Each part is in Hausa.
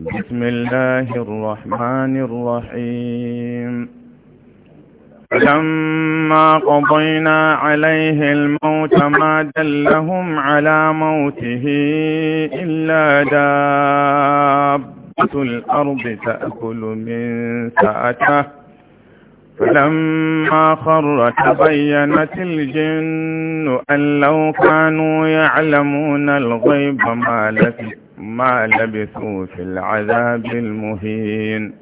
بسم الله الرحمن الرحيم فلما قضينا عليه الموت ما دلهم على موته إلا دابة الأرض تأكل من سأته فلما خر تبينت الجن أن لو كانوا يعلمون الغيب ما لبثوا ما لبثوا في العذاب المهين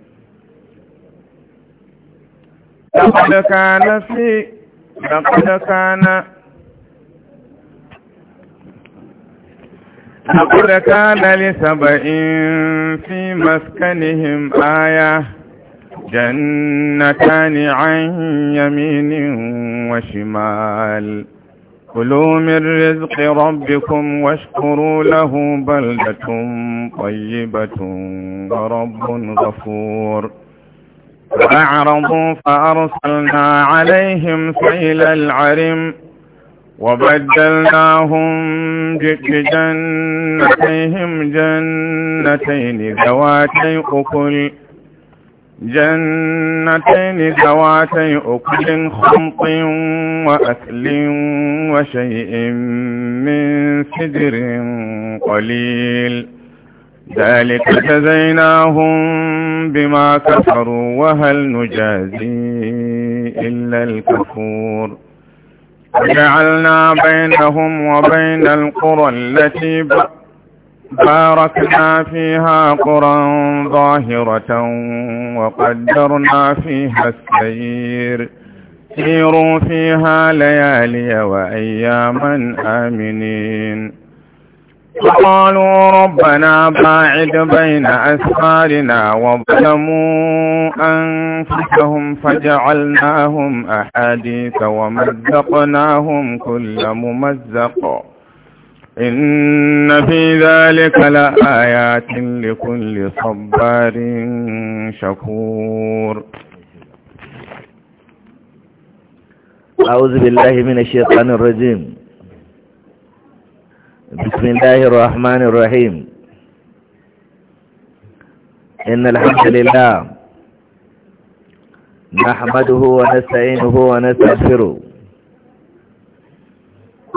لقد كان في لقد كان لقد كان لسبع في مسكنهم آية جنتان عن يمين وشمال كلوا من رزق ربكم واشكروا له بلدة طيبة ورب غفور فأعرضوا فأرسلنا عليهم سيل العرم وبدلناهم بجنتيهم جنتين ذواتي أكل جنتين ذواتي أكل خمط وأكل وشيء من سدر قليل ذلك جزيناهم بما كفروا وهل نجازي إلا الكفور وجعلنا بينهم وبين القرى التي بأ باركنا فيها قرى ظاهرة وقدرنا فيها السير سيروا فيها ليالي وأياما آمنين قالوا ربنا باعد بين أسفارنا وظلموا أنفسهم فجعلناهم أحاديث ومزقناهم كل ممزق إن في ذلك لآيات لكل صبار شكور أعوذ بالله من الشيطان الرجيم بسم الله الرحمن الرحيم إن الحمد لله نحمده ونستعينه ونستغفره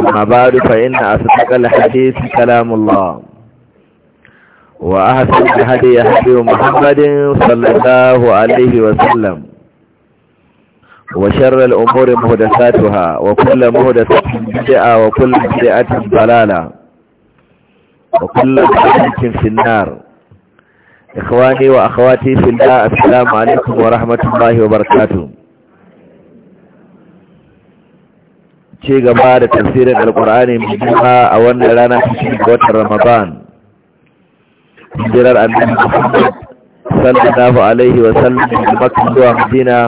ma ba da fa’in na asu takal hadisi kalamullah wa a hasan da hade ya haɗe wa muhammadin sallallahu alaihi wasallam wa sharar umarin mahudasa tuha wa kulla mahudasa cikin bida'a wa kulla bida'atin balala wa kulla cikin finnar ikhwani wa akhwati filla assalamu alaikum wa rahmatullahi wa barakatuh ce gaba da tafsirin alkur'ani mai girma a wannan rana cikin watan ramadan jirar annabi muhammad sallallahu alaihi wa sallam da makka zuwa madina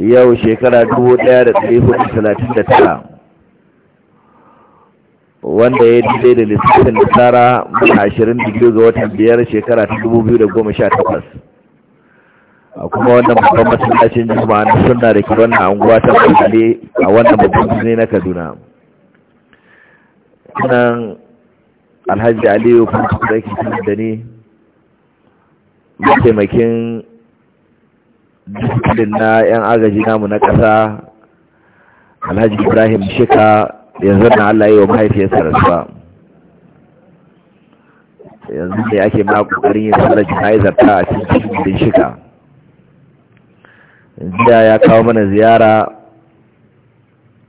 yau shekara dubu ɗaya da da ɗari da tara, wanda ya daidai da lissafin nasara ashirin da ga watan biyar shekara ta dubu biyu da goma sha takwas. kuma wannan babban masallacin juma'a na sunna da ke wannan anguwa ta kwalli a wannan babban birni na kaduna sunan alhaji aliyu kuma kuma ke sanar da ni mataimakin dukkanin na 'yan agaji namu na ƙasa alhaji ibrahim shika yanzu na allah yi wa mahaifiyarsa rasuwa yanzu ne ake ma ƙarin yin sallar jana'izar ta a cikin shika jiya ya kawo mana ziyara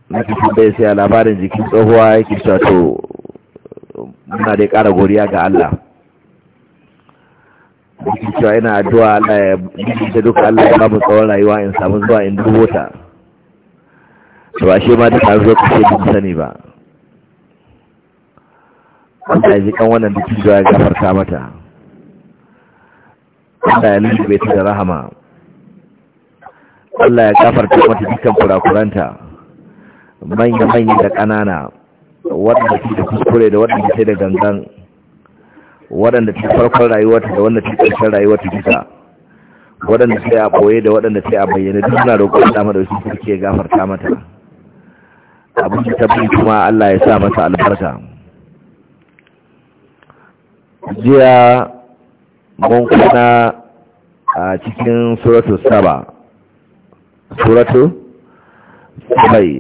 na kifi bai sai a labarin jikin tsohuwa ya ke to muna dai ƙara godiya ga Allah yake cewa ina addu'a Allah ya ta duka Allah ya mu tsawon rayuwa in samu zuwa in dubo ta to ba shi ma duka zo kashe duk sani ba Allah ya ji wannan duk ya gafarta mata Allah ya bai ta da rahama Allah ya gafarta mata dukkan kurakuranta manya-manya da ƙanana waɗanda ke da kuskure da waɗanda ke da gangan waɗanda ke farkon rayuwarta da wadanda ke karshen rayuwarta duka waɗanda ke a ɓoye da waɗanda ke a bayyana duk na roƙon dama da wasu ke ya gafarta mata abin da tabbin kuma Allah ya sa mata albarka jiya mun kuna a cikin suratul saba suratu bai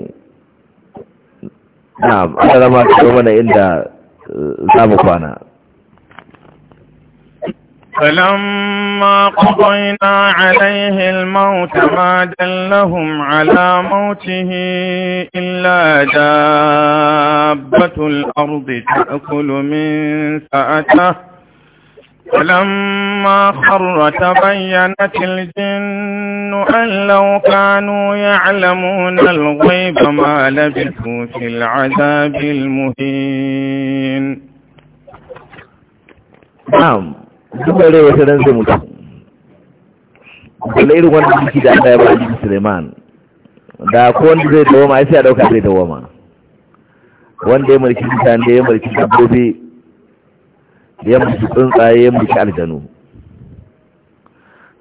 na ana zama cikin mana inda za mu kwana فلما قضينا عليه الموت ما دلهم على موته إلا دابة الأرض تأكل من سأته فلما خر تبينت الجن أن لو كانوا يعلمون الغيب ما لبثوا في العذاب المهين نعم duba rai wata ran zai mutu kula irin wanda jiki da aka yaba a suleiman da ko wanda zai dawoma ya sai a dauka zai dawoma wanda ya mulki ya mulki dabbobi yamma su tsuntsaye ya mutu aljanu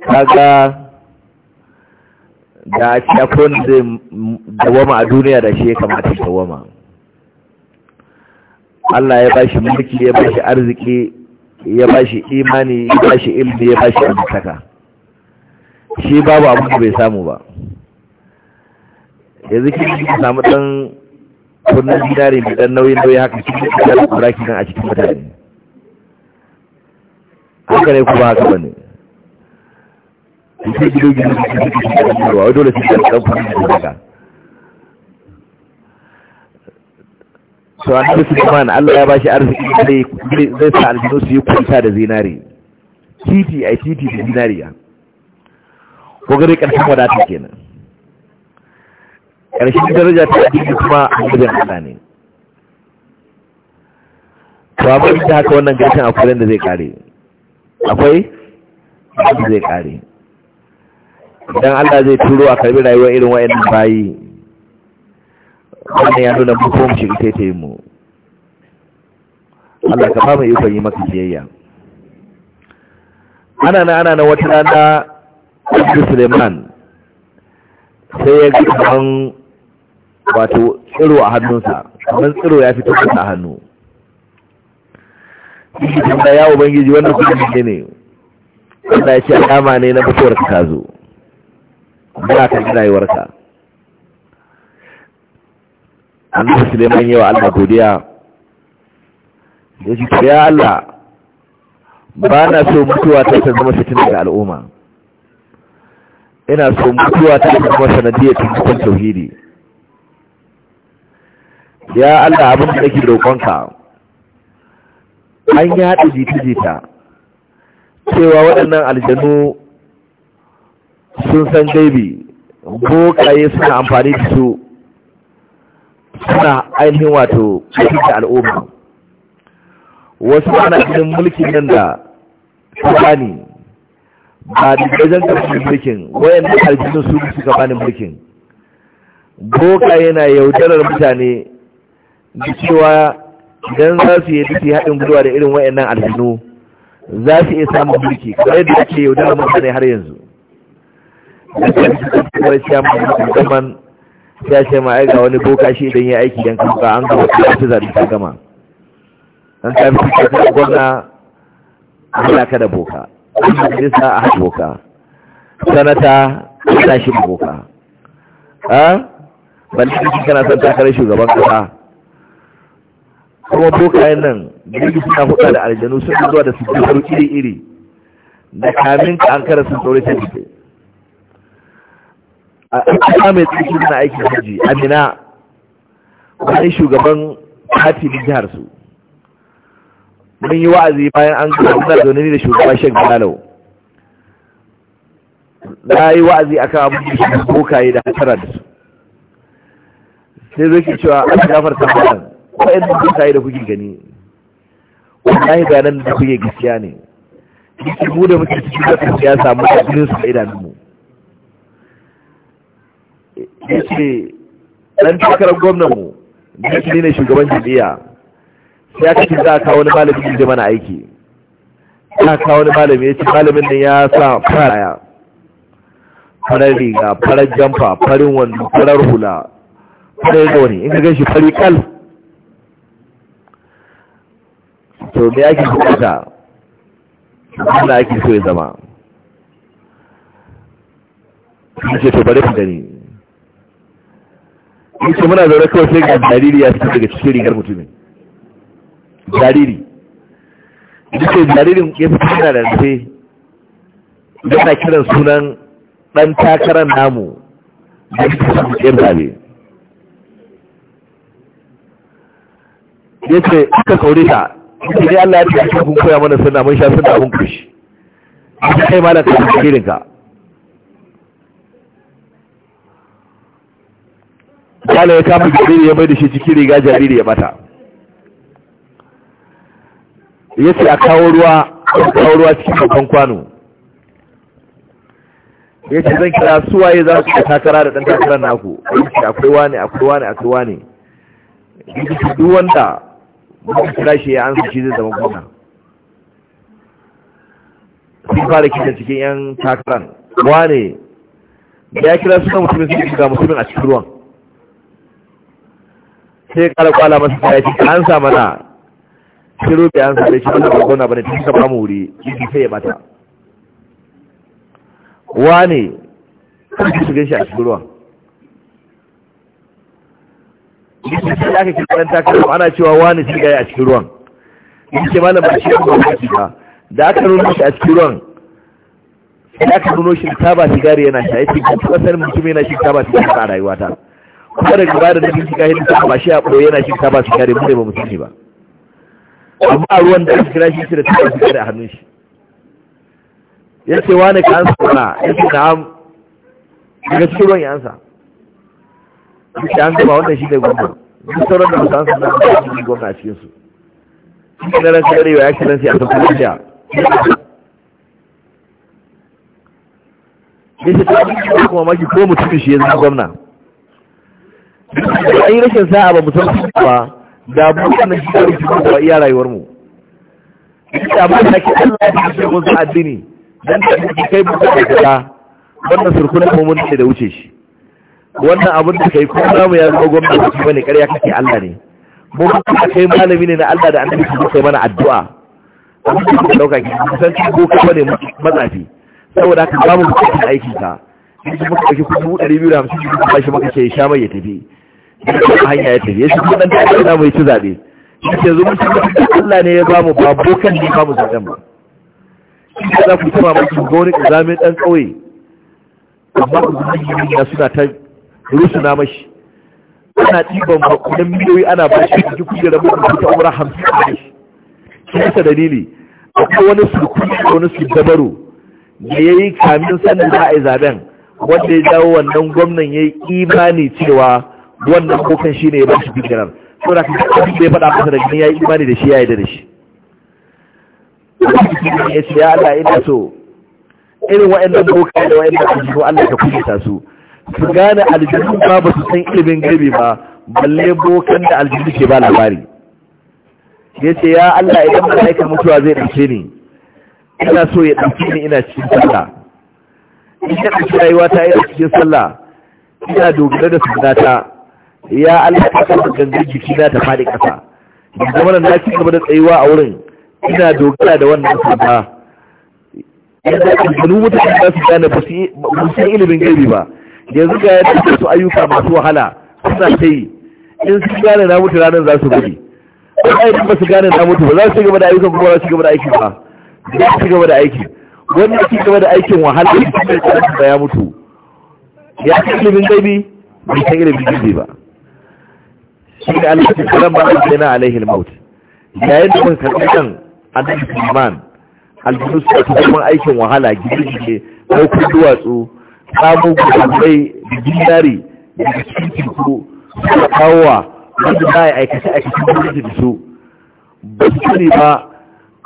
kaga da ake akwai zai dawama a duniya da shi ya kamata dawama Allah ya bashi mulki ya bashi arziki ya bashi imani ya bashi ilmi ya bashi arzikaka shi babu abin da bai samu ba Ya yanzu ya samu dan kunnen dinari mai dan nauyin nauyi haka kin da kura kinan a cikin mutane haka ne kuma haka bane gido gido da wa dole su kan ƙarfi da daga to annabi Sulaiman Allah ya bashi arziki zai sa aljinu su yi kunta da zinari titi a titi da zinariya ko gare ƙarshen wadata kenan ƙarshen daraja ta addini kuma annabin Allah ne to abin da haka wannan gashin da zai kare akwai abu zai kare idan Allah zai turo a karbi rayuwar irin wa'annan bayi wannan ya nuna mu ko ita ta yi mu Allah ka fama ikon yi maka biyayya ana na ana na wata rana Abdul Suleiman sai ya ga kaman wato tsiro a hannunsa kaman tsiro ya fito a hannu shi tambaya ya ubangiji wannan kuma ne wanda ya ce alama ne na mutuwar ka zo ba ka ji rayuwarka su Suleiman yawa Allah godiya ya ce ya Allah ba na so mutuwa ta ta zama fitina ga al'umma ina so mutuwa ta ta zama sanadiyar tuntukan tauhidi ya Allah abin da nake roƙonka an yaɗa jita-jita cewa waɗannan aljanu sun san gaibi bokaye suna amfani da su suna ainihin wato cikin al'umma wasu ana cikin mulkin nan da tubani ba da gajen karfin mulkin wayan da aljinu su suka bani mulkin bokaye na yaudarar mutane da cewa idan za su yi duki haɗin guduwa da irin wayannan alhinu za su iya samun mulki kamar yadda ake yaudarar mutane har yanzu da kuma ciyaman musamman siya ce ma aika wani boka shi idan ya aiki don kamfa an gama ta zaɓi ta gama an ta fi cikin gwamna a halaka da boka an majalisa a haɗa boka sanata a tashi da boka a balli cikin kana son takarar shugaban kasa kuma bokayen nan jirgin suna hudu da aljanu suna zuwa da su faru iri-iri da kamin ka an kara sun tsoron ta jife a ƙasa mai tsarki suna aikin hajji amina wani shugaban hatin jihar su mun yi wa'azi bayan an gaba muna zaune da shugaba shek balalau na yi wa'azi kan abin da shi bokaye da hatara da su sai zai ke cewa an gafarta wannan kwayan da kuka da kuke gani wallahi ga nan da kuke gaskiya ne yake mu da muke cikin da ya samu da jinin su da idanunmu yace ɗan takarar gwamnan mu ne ne shugaban jami'a sai aka ce za a kawo wani malami da mana aiki za a kawo wani malami ya ce malamin nan ya sa faraya farar riga farar jamfa farin wando farar hula farar da wani in ka gan shi fari kal to da yake bukata wanda ake so ya zama ce to bari ku gani in ce muna zaune kawai sai ga jariri ya fito daga cikin rigar mutumin jariri duka jaririn ya fito yana da rufe yana kiran sunan ɗan takarar namu da ya fito cikin zabe ya ce aka saurita duk da Allah ya ce ake kun koya mana sunna mun sha sunna mun kushi aka kai malam ka tafsirin ka Kala ya kama jariri ya maida da shi cikin riga jariri ya bata Ya ce a kawo ruwa, a kawo ruwa cikin babban kwano. Ya ce zan kira suwaye za su takara da ɗan takarar naku. Ya ce akwai wani, akwai wani, akwai wani. Ya ce duk wanda ba kira shi ya ansa shi zai zama gwamna sun fara kisa cikin yan takaran wane ya kira suna mutumin sun shiga mutumin a cikin ruwan sai ya kara kwala masu ta ce an sa mana shiru bai an sa bai shi wani gwamna bane ta suka mu wuri yake sai ya bata wane kan shi shiga shi a cikin ruwan yake sai aka kira ɗan takalma ana cewa wani shi gaya a cikin ruwan yake malam ba shi kuma wani ba da aka nuno shi a cikin ruwan sai aka nuno shi taba sigari yana shi. yake ga kasar mutum yana shi taba sigari a rayuwata kuma daga ba da nufin shiga hindi ba shi a ɓoye yana shi taba sigari mun ne ba mutum ne ba amma ruwan da aka kira shi shi da ta taba sigari a hannun shi ya wani ka an sauna ya ce daga cikin ruwan ya ansa duk an gaba wannan shi ne gwamna duk sauran da ba san suna da shi ne gwamna a cikin su shi ne rasu arewa ya kiran a tafi da ya ce ta abin da kuma maki ko mutum shi ya zama gwamna an yi rashin sa'a ba musamman ba da buɗe na shi da rikici ba iya rayuwar mu ita ba ta ke Allah ya tafi wasu addini dan ta kai buɗe da ta wannan surkunan mun da wuce shi wannan abin da kai ko namu ya zama gwamnati bane ƙarya kake Allah ne mu kuma kai malami ne na Allah da annabi su kai mana addu'a abin ku ka dauka ki san ki ko ka bane matsafi saboda ka ba mu cikin aiki ka in kuma ka ki kudu 250 ba bashi maka ke sha mai ya tafi hanya ya tafi shi kuma dan da za mu yi ci zabe shi ke zo mutum Allah ne ya ba mu ba bokan ne ba mu zaben ba shi za ku taba mu gori zamin dan kauye amma ku yi suna ta rusuna mashi ana ɗiban makonan miliyoyi ana ba shi kuji jikin da rabu da umra hamsin a shi shi yasa dalili akwai wani surkuni da wani su dabaro da ya yi kamin sanin za a yi zaben wanda ya jawo wannan gwamnan ya yi imani cewa wannan kokan shi ne ya ba shi bigiran so da kuma kuma da ya faɗa masa da gani ya yi imani da shi ya yi da shi ya ce ya Allah ina so irin waɗannan bokai da waɗannan kujiyo Allah ka kujita su su gane aljihu ba ba su san ilimin gaibi ba balle bokan da aljihu ke ba labari ya ce ya Allah idan mala'ika mutuwa zai ɗauke ni ina so ya ɗauke ni ina cikin sallah in ya ɗauki rayuwa ta ina cikin sallah ina dogara da sunata ya Allah ta kasa gangar jiki na ta faɗi ƙasa in zama na ci gaba da tsayuwa a wurin ina dogara da wannan sunata yadda aljanu mutane za su gane ba su ilimin gari ba yanzu ga ya tafi su ayyuka masu wahala suna ta yi in su gane na mutu ranar za su gudu ba ba su gane na mutu ba za su gaba da ayyukan kuma za su gaba da aiki ba za su gaba da aiki wanda su gaba da aikin wahala ya fi da karanta ya mutu ya fi ilimin gaibi bai san ilimin gaibi ba shi ne allah ce ba a na alaihi maut yayin da muka karɓi kan annabi sulman aljinu su kuma aikin wahala gidi ne ko duwatsu kamun kusurbai da zinari daga cikin teku suna kawowa wanda ba ya aikace cikin gwamnati da su ba su kare ba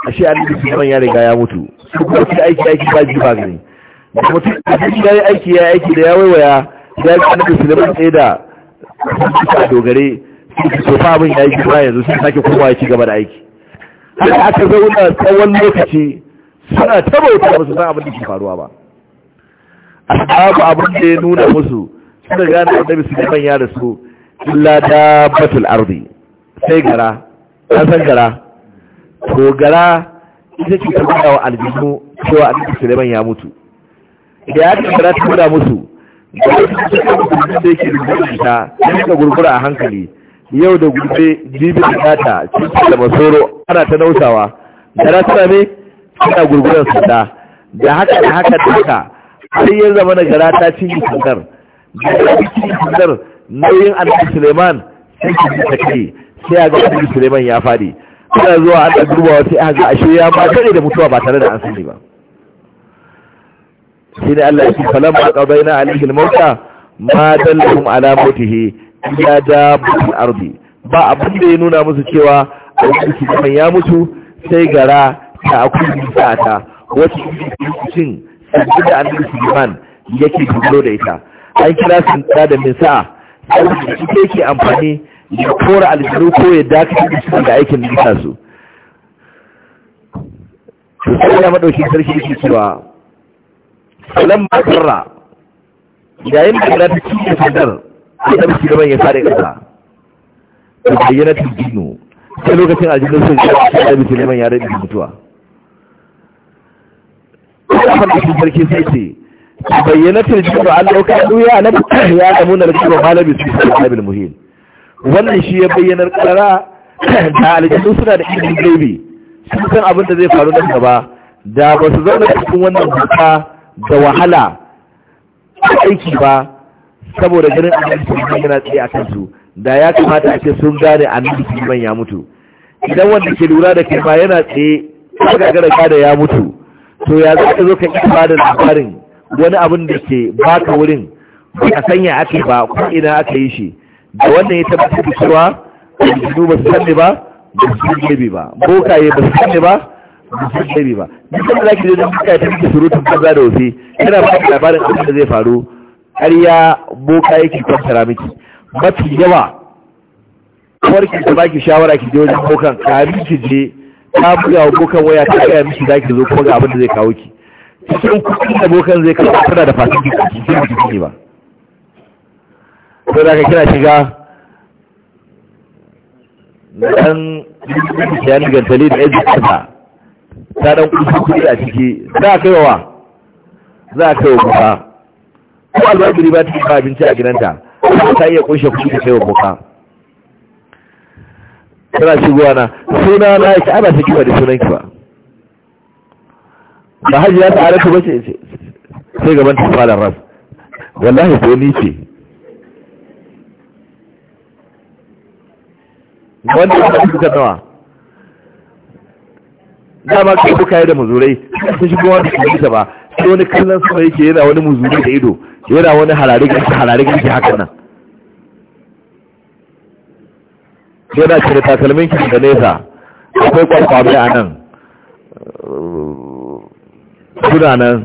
a shi a nufin sunan yare ga ya mutu su kuma su aiki aiki ba ji ba gani da mutum da ya yi aiki ya aiki da ya waiwaya ya ga nufin sunan tsaye da a dogare su ke sofa abin ya yi girma yanzu sun sake kowa ya ci gaba da aiki haka aka zauna tsawon lokaci suna taba wuta ba su san abin da ke faruwa ba ashabu abin da ya nuna musu suka gane annabi su gaban ya su illa batul ardi sai gara an san gara to gara ita ce ta gudawa aljihu cewa cikin suleiman ya mutu da ya ta gara ta guda musu da ya ta cikin gurgurin da yake rubuta ta ya suka gurgura a hankali yau da gurbe bibin nata cikin da masoro ana ta nausawa gara tana ne suna gurgurar sanda da haka da haka da haka har ya zama na gara ta cinye kankar da cinye kankar nauyin annabi suleiman sai ki ta kai sai ya ga annabi suleiman ya fadi ana zuwa ana duba sai ya ga ashe ya ba tare da mutuwa ba tare da an sani ba shi ne Allah ce falam ka qadaina alayhi al-mauta ma dallahum ala ya da bukin arzi. ba abin da ya nuna musu cewa a aiki kuma ya mutu sai gara ta akuli sa'ata wacce cin abin da annabi Suleiman yake dogaro da ita an kira sun da da min sa'a saboda ita yake amfani ya kora aljanu ko ya dakatar da su da aikin yake su to sai ya madauki sarki yake cewa salam makarra yayin da ta cikin sadar annabi Suleiman ya fara kasa da bayyana tijinu sai lokacin aljanu sun ga da Suleiman ya rabe mutuwa abin da sarki sai ce bayyanatar jiba an dauka na ya damu na rikiba malami su sai malabil muhim wannan shi ya bayyana karara da aljihu suna da ilimin gaibi sun san abin da zai faru nan gaba da ba su zauna cikin wannan buka da wahala aiki ba saboda ganin annabi sun yana tsaye a kansu da ya kamata a ce sun gane annabi sun ya mutu idan wanda ke lura da kai ba yana tsaye ga gara da ya mutu to ya za ka zo ka ba da labarin wani abin da ke baka wurin ba ka sanya ake ba ko ina aka yi shi da wannan ya tabbata da cewa aljinu ba su sanne ba ba su san ne ba bokaye ba su sanne ba ba su san ne ba duk da zaki je da bokaye ta miki surutun banza da wasi yana ba ka labarin abin da zai faru ƙarya bokaye ki kwantara miki mafi yawa kawar ki ta baki shawara ki je wajen bokan kari ki je ta buga wa bokan waya ta kaya mishi za ki zo kuma ga abin da zai kawo ki cikin kuɗin da bokan zai kawo tana da fasin jiki cikin jiki ne ba sai da ka kira shiga dan jami'in gantali da yanzu kasa ta dan kuɗi kuɗi a ciki za a kai wa za a kai wa buka ko albabiri ba ta yi ba abinci a gidanta ta iya kunshe kuɗi da kai wa buka tana shigowa na suna na yake ana ta kiwa da sunanki ba ba hajji ya ta'ara ta bace sai gaban ta fara ras wallahi ko ni ce wanda ya ta suka nawa dama ka duka yi da muzurai sun shigo wanda ta yi ba sai wani kallon sama yake yana wani muzurai da ido yana wani harare gashi harare hakan nan yana cire takalmin ki da nesa akwai kwakwabe a nan suna nan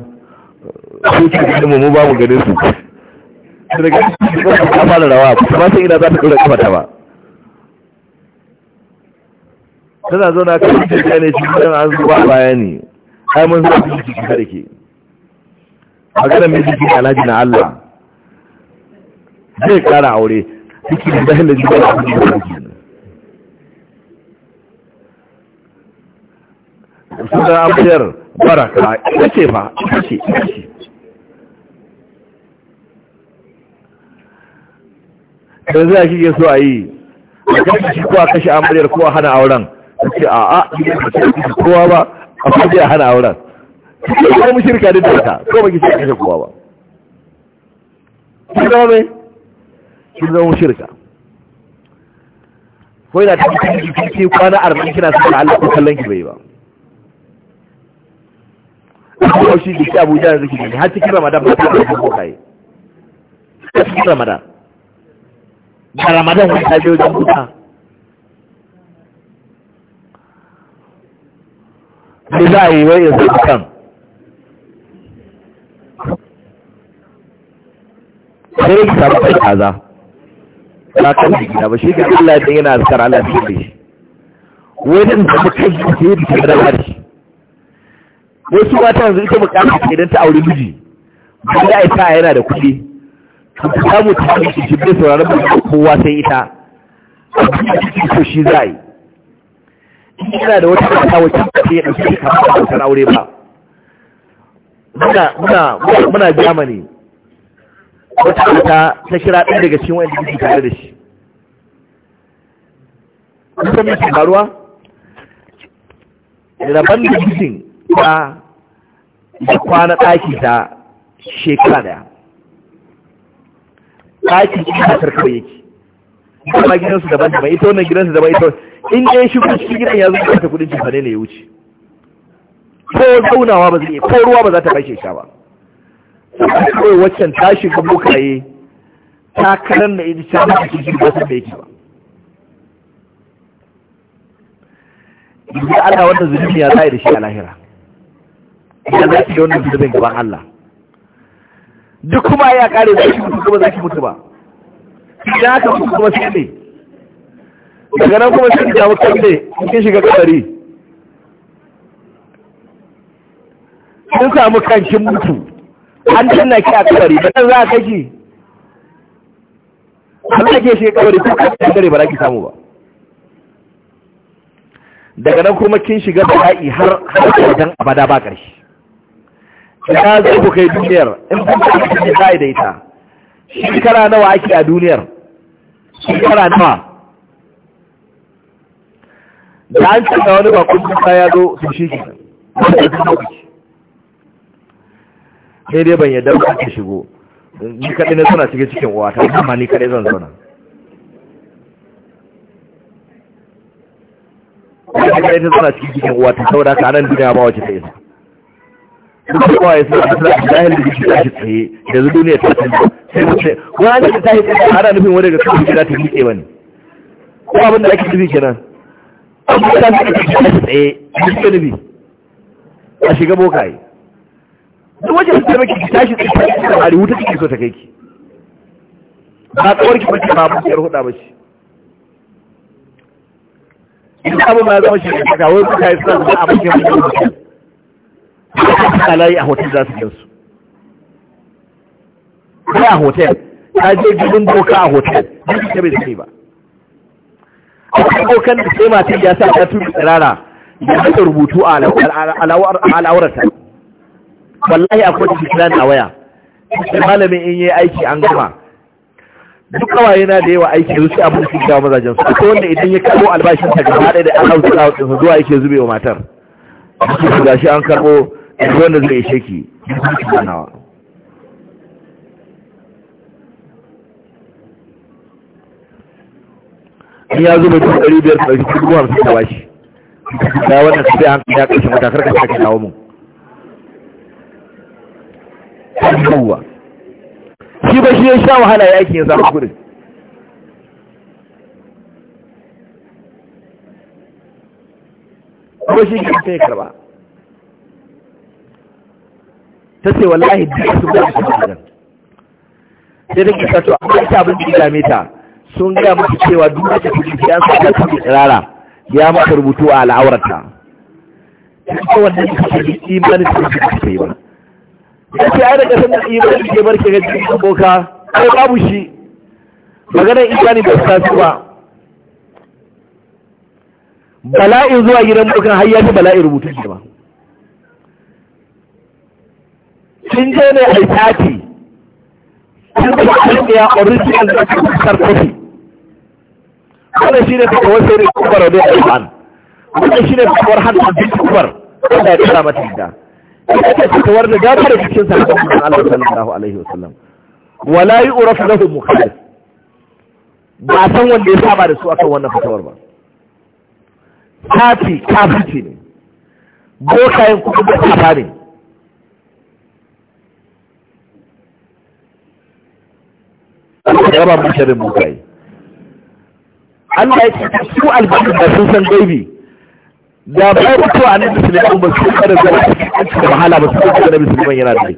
su ci gani mu ba mu gane su su daga cikin kafa da rawa kuma sai ina za ta ɗora kafa ta ba tana zo na kan ta ne cikin an zuwa bayani. ai mun zuwa cikin cikin da ke maganar mai jikin alhaji na Allah zai kara aure cikin da bayan da jikin da suna amsar baraka ita ce ba ita ce ita ce zai ya shi so a yi a kashe ko a kashe amaryar ko a hana auren ta ce a a kowa ba a fashe a hana auren ko mu shirka da daga ko ba ki kashe kowa ba kuma mai kin zama shirka ko yana ta cikin kwana arba'in kina son Allah ko kallon ki bai ba kuma shi da Abuja da zaki ne har cikin ramadan ba ta da ko kai cikin ramadan da ramadan wani ta biyo da buta ne za a yi wai ya kan sai ya samu kai kaza ba kan jiki gida ba shi ga Allah ya yana azkar Allah shi wai din da kai shi da da shi wai su mata yanzu ita bukata ce idan ta aure miji ba za a yi ta yana da kuɗi ta samu ta hanyar shi bai sauraron ba kowa sai ita ko shi za a yi ina da wata mata wacce ta ce ɗauki da kamar a bautar aure ba muna muna muna germany wata mata ta kira ɗaya daga cikin wani kike tare da shi kusan mai faruwa rabon da jikin da kwana ɗaki da shekara daya ɗaki ina tarkar yake kuma gidansu daban daban ita wannan gidansu daban ita in dai shi kuma cikin gidan ya zo ta kudin jifane ne ya wuce ko zaunawa ba zai iya ko ruwa ba za ta bashe sha ba kawai waccan ta shiga bukaye ta karan da ita ta mata cikin ba san da yake ba yanzu Allah wanda zulumi ya zai da shi a lahira ya za ki yi wannan zunubin gaban Allah duk kuma ya kare za ki mutu kuma za ki mutu ba idan aka mutu kuma sai ne daga nan kuma sai jawo kan ne kin shiga kabari kin samu kancin mutu an na ki a kabari ba dan za ka ki Allah ke shiga kabari ko kan dare ba za ki samu ba daga nan kuma kin shiga bala'i har har wajen abada ba ƙarshe ya zai ku kai duniyar in kun ta cikin da da ita shekara nawa ake a duniyar shekara nawa da an canza wani bakon kusa ya zo su shi ke sai dai ban yadda ba ta shigo ni kaɗai na suna cikin cikin ta, amma ni kaɗai zan zauna wata kaɗai ta suna cikin cikin wata saboda ka nan duniya ba wace ta isa duk kawai sun asira a jahil da shi tashi tsaye da zu duniya ta canza sai mu da tashi tsaye ana nufin wani daga kawai gida ta miƙe bane ko abin da ake nufi kenan ta tashi tsaye da suke nufi a shiga bokaye duk wajen da maki ki tashi tsaye ta cikin hari wuta kike so ta kai ki ba tsawar ki bace ba ba ki yar huda bace idan abin ma zama shi ka kawai kuka yi suna zama a bakin mutum a layi a hotel za su gansu kai a hotel ta je gidan boka a hotel duk ta bai zai ba a wani bokan da sai matan ya sa ta tuɓi tsirara ya haka rubutu a al'aurarta wallahi akwai da kiran a waya malamin in yi aiki an gama duk kawai yana da yawa aiki su abin da suke mazajen su ko wanda idan ya karbo albashin ta gaba da an hausa da zuwa yake zube wa matar ga shi an karbo duk wanda zai ishe ki duk wanda zai nawa in ya zuba duk ɗari biyar ɗari duk hamsin da bashi da wannan su sai hankali ya kashe matakar ka sake kawo mun yawwa shi ba shi ya sha wahala yaki ya zama gudun kuma shi ke ta yi karba ta ce wallahi duk su ba su da sai da kisa to amma ita bin da game ta sun gaya mu cewa duk da take cikin su da cikin tsirara ya ma rubutu a al'aurata ko wanda ta ce imani da ce ta yi ba da ce ai da san da imani ke barke ga jikin boka ai babu shi magana imani ba su tafi ba bala'in zuwa gidan bukan har ya fi bala'in rubutu shi ba sun je ne a yaki sun kuma alƙiya original da kuma sarkofi wannan shi ne kuma wasu ne kubar da ya ɗan wannan shi ne ta kubar hannun bin kubar wanda ya tsara mata gida ita ce kawar da gaba da cikin sarkofin Allah sallallahu alaihi wasallam wala yi urafu lahu mukhalif ba san wanda ya saba da su akan wannan fitowar ba sati kafirci ne bokayen kuma da ta ne Allah ya raba mu sharrin Allah ya ce su albanin da sun san gaibi da bai mutu a nan musulman ba su kada zama cikin da wahala ba su kada da musulman yana da rai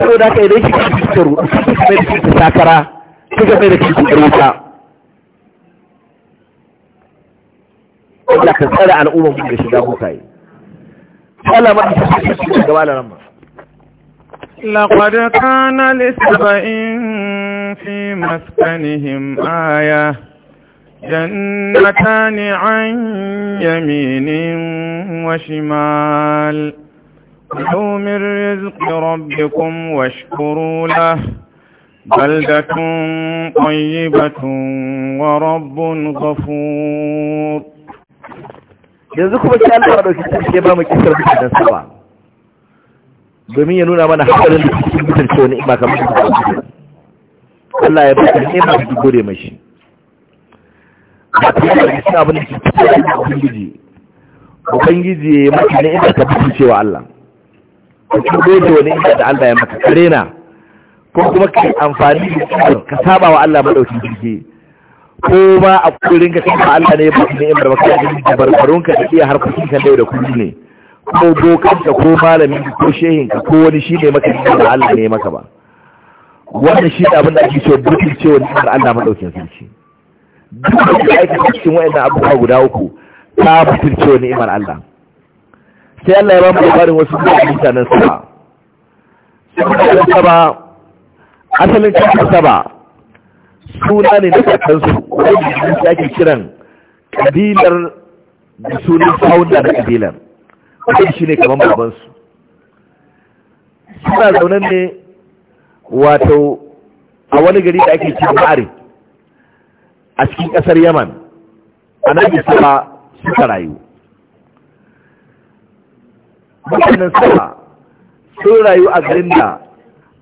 saboda haka idan kika ci ta rudu kika mai da kika takara kika mai da kika rubuta Allah ka tsara al'umma mu da shiga mutane Allah ma ta ci gaba da nan ba لقد كان لسبئ في مسكنهم آية جنتان عن يمين وشمال كلوا من رزق ربكم واشكروا له بلدة طيبة ورب غفور yanzu kuma sai Allah ya dauki domin ya nuna mana hakanin da suke mutunce wani ba kamar da suke Allah ya baka ne ba su gode mashi ba ta yi da shi abin da ke fito da ubangiji ubangiji ya yi maka ne inda ka mutunce cewa Allah ka ci gode wani inda da Allah ya maka karena ko kuma ka amfani da shi ka saba wa Allah madaukin jirgi ko ma a kurin ka kama Allah ne ba ne imar baka da barbarunka da iya harkokin kan da yau da kullum ne ko dokanka ko malamin ko shehinka ko wani shi ne maka ne da Allah ne maka ba wannan shi ne abin da ake cewa dukkan cewa ni'imar Allah madaukin sarki duk da ka aikata cikin wayannan abubuwa guda uku ka mutunce wa ni'imar Allah sai Allah ya ba mu labarin wasu da saba mutanen saba asalin kasar saba suna ne na kakansu da ake kiran kabilar da sunan sauna na kabilar kai shi ne kamar babansu suna zaune ne wato a wani gari da ake cin ma'ari a cikin ƙasar yaman a nan saba suka rayu mutanen sama sun rayu a garin da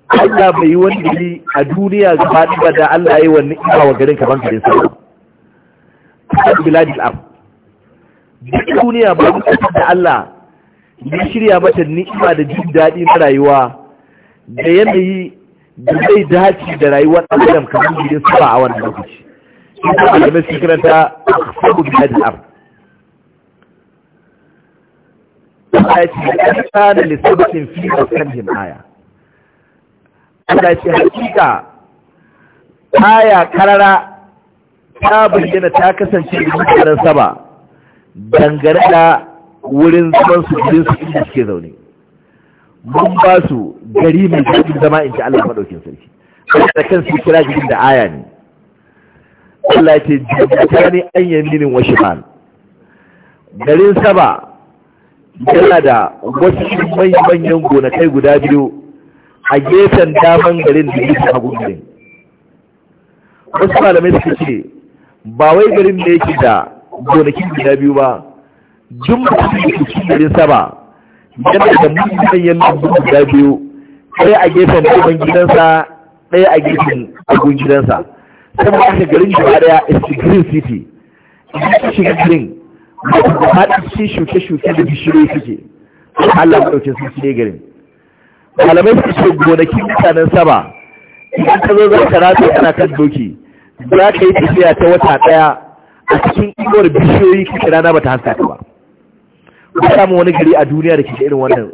Allah bai yi wani gari a duniya gaba ɗiba da Allah ya yi wani ima garin kaman garin sama a kan biladil duk duniya ba mu da Allah ya shirya mata ni'ima da jin daɗi na rayuwa da yanayi da zai dace da rayuwar ɗan adam kamar gidan saba a wannan lokaci ita a game su kiranta sabu biya da am Allah ce ya tsana lissabatin fi a kan himaya Allah ce hakika aya karara ta bayyana ta kasance da mutanen saba dangane da wurin zaman su gidan su inda suke zaune mun ba su gari mai jirgin zama in ji Allah maɗaukin sarki kuma da kan su kira jirgin da aya ne Allah ce jirgin ne an yi yaminin wa ba. garin saba yana da wasu manyan gonakai guda biyu a gefen daman garin da yake hagun gudun wasu malamai suka ce ba wai garin da yake da gonakin guda biyu ba jumla da ke cikin sama yana da manyan lambu guda biyu ɗaya a gefen gaban gidansa ɗaya a gefen aka garin gaba daya is green city idan ka shiga green wato da haɗin cikin shuke-shuke da bishiyoyi suke Allah ya ɗauke su ne garin malamai su ce gonakin mutanen sama idan ka zo za ka rata kana kan doki za ka yi tafiya ta wata ɗaya a cikin inuwar bishiyoyi kake rana ba ta haska ba ba samu wani gari a duniya da kike irin wannan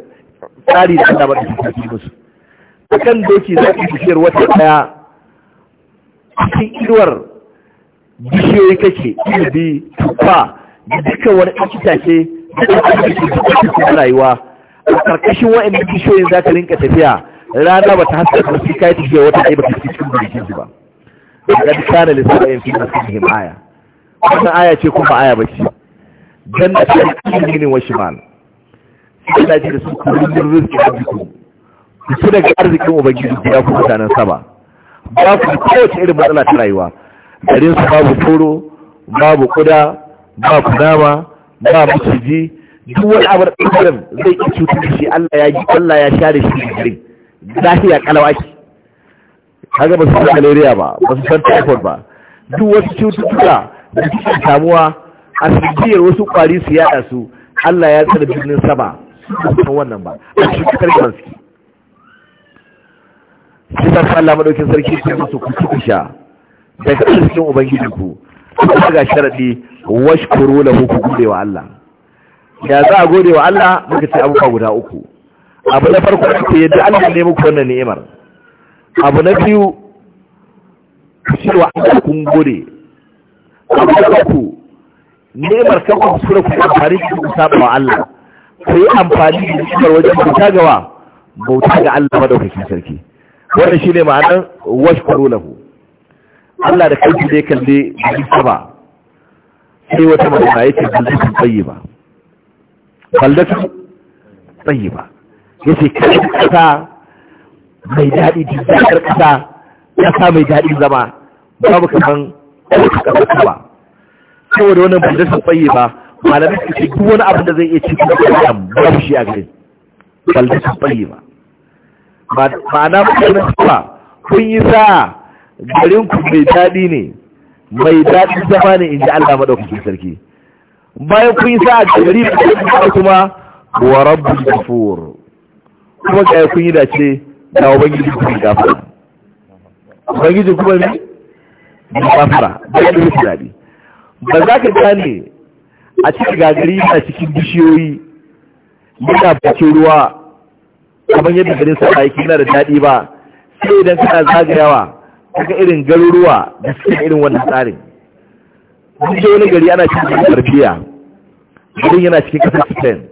tsari da Allah bada ke musu akan doki za ki bishiyar wata daya cikin irwar bishiyoyi kake ilbi tufa da dukkan wani ɗan itace da ɗan itace rayuwa a ƙarƙashin wa'annan bishiyoyin za ka rinka tafiya rana ba ta haska ba sai kai tafiya wata ɗaya ba ta cikin bikin ba ga dukkan lissafin fi nasihim aya wannan aya ce kuma aya ba ce jannatan yaminin wa wasu sai Allah ya ce su kullun rizqi rabbikum ku daga arzikin ubangiji ya ku mutanen sama ba ku kowace irin matsala ta rayuwa garin su babu toro babu kuda ba kunama ba ciji. duk wani abu da ɗan zai ki cutar da shi Allah ya ji Allah ya share shi da garin lafiya kalawa ki kaga ba su san malaria ba ba su san typhoid ba duk wasu cututtuka da suke samuwa a sirriyar wasu kwari su yada su Allah ya tsara birnin sama san wannan ba a cikin karfin su shi ta Allah madaukin sarki su musu ku Da sha daga cikin ubangijinku kuma ga sharadi kuro da ku gode wa Allah ya za a gode wa Allah muka ce abubuwa guda uku abu na farko ce yadda Allah ne muku wannan ni'imar abu na biyu wa Allah kun gode abu na uku nemar kan kuskure ku amfani da ku saba wa Allah ku yi amfani da nemar wajen bauta ga wa bauta ga Allah madaukakin sarki wannan shine ma'anar washkuru lahu Allah da kai ne kalle bi saba sai wata magana yace ba, tayyiba baldatun ba yace ka mai daɗi da kasa sa mai dadi zama babu kaman kasa ba da wannan majalisar tsaye ba malamai su ce duk wani abin da zai iya ci kuma da babu shi a gari majalisar tsaye ba ma'ana mutanen kuma kun yi sa garin ku mai daɗi ne mai daɗin zama ne in ji Allah maɗaukakin sarki bayan kun yi sa a gari da kuma wa rabbul ghafur kuma ga kun yi dace da ubangiji kuma gafara ubangiji kuma ne gafara da yadda daɗi ba za ka gane a cikin gagari yana cikin bishiyoyi yana bakin ruwa kamar yadda garin sa yake yana da daɗi ba sai idan kana zagayawa kaga irin garuruwa da suke irin wannan tsarin Mun je wani gari ana cikin tarbiya garin yana cikin kasar spain